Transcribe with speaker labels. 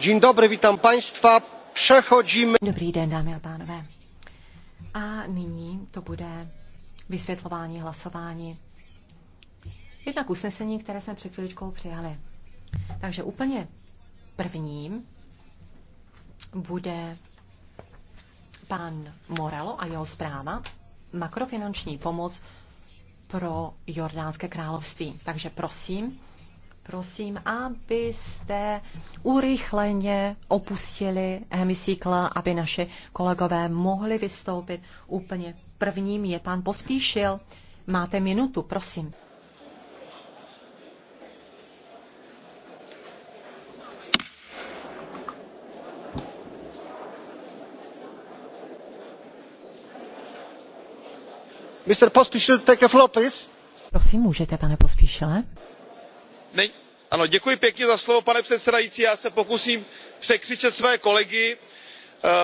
Speaker 1: Dzień dobry, witam państwa. Přechodíme... Dobrý
Speaker 2: den, dámy a pánové. A nyní to bude vysvětlování hlasování. Jednak usnesení, které jsme před chvíličkou přijali. Takže úplně prvním bude pan Morelo a jeho zpráva makrofinanční pomoc pro Jordánské království. Takže prosím, prosím, abyste urychleně opustili hemicykla, aby naše kolegové mohli vystoupit. Úplně prvním je pan Pospíšil. Máte minutu, prosím. Mr. Pospíšil, take a floor, please. Prosím, můžete, pane Pospíšile
Speaker 3: pane předsedající já se pokusím překřičet své kolegy.